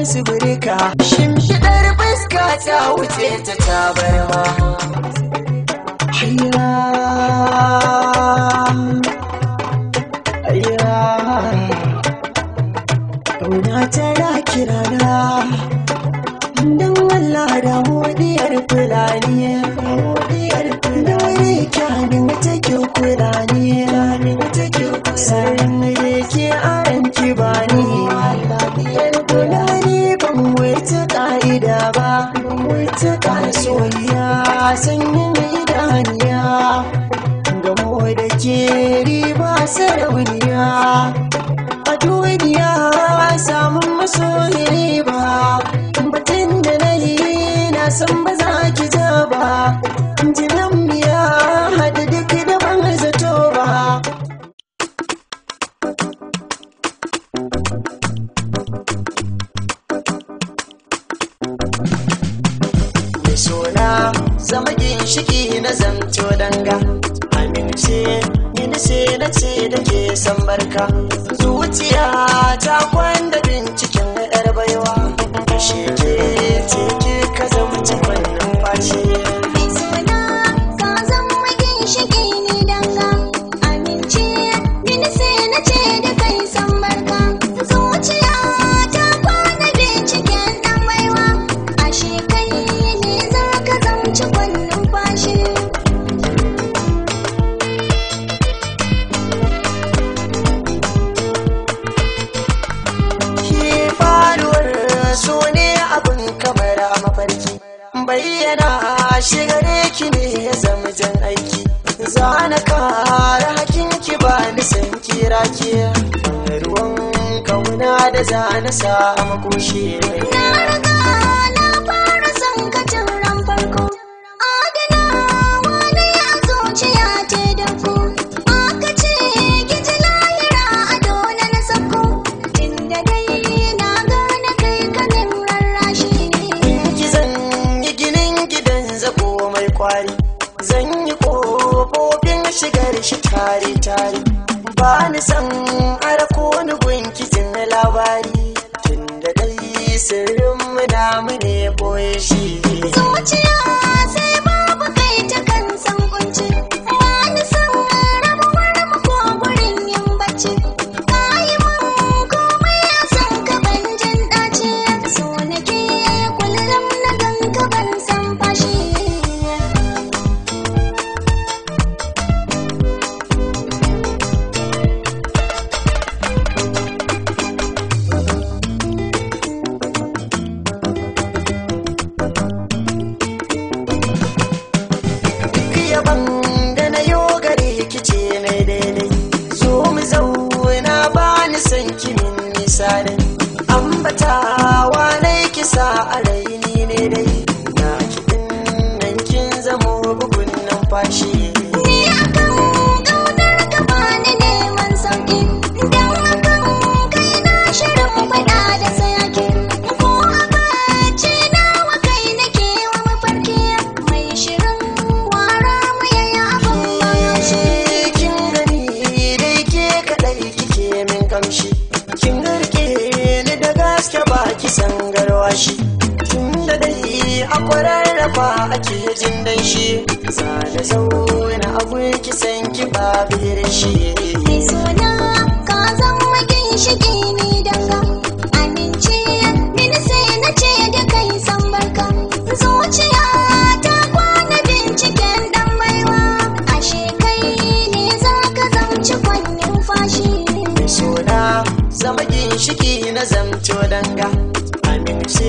musu birka shimfiɗar fuska ta wuce ta tabarma Kauna kira na don walla da hodiyar fulani da wani kyanin wata kyau fulani da ba mutaka soyayya yi mai daniya gamo da ke riba sarauniya a duniya samun maso ba batun da na yi na san ba za ki ja ba mai san barka zuciya ta kwanda binciken yar baiwa shi ke ki ne ya zama jan aiki za na kare hakin ki ba ni san kira ki ruwan kauna da za na sa makoshi na dare shi tare tare ba ni san ara ko ni na labari tun da dai sirrin mu da mu ne boye shi why she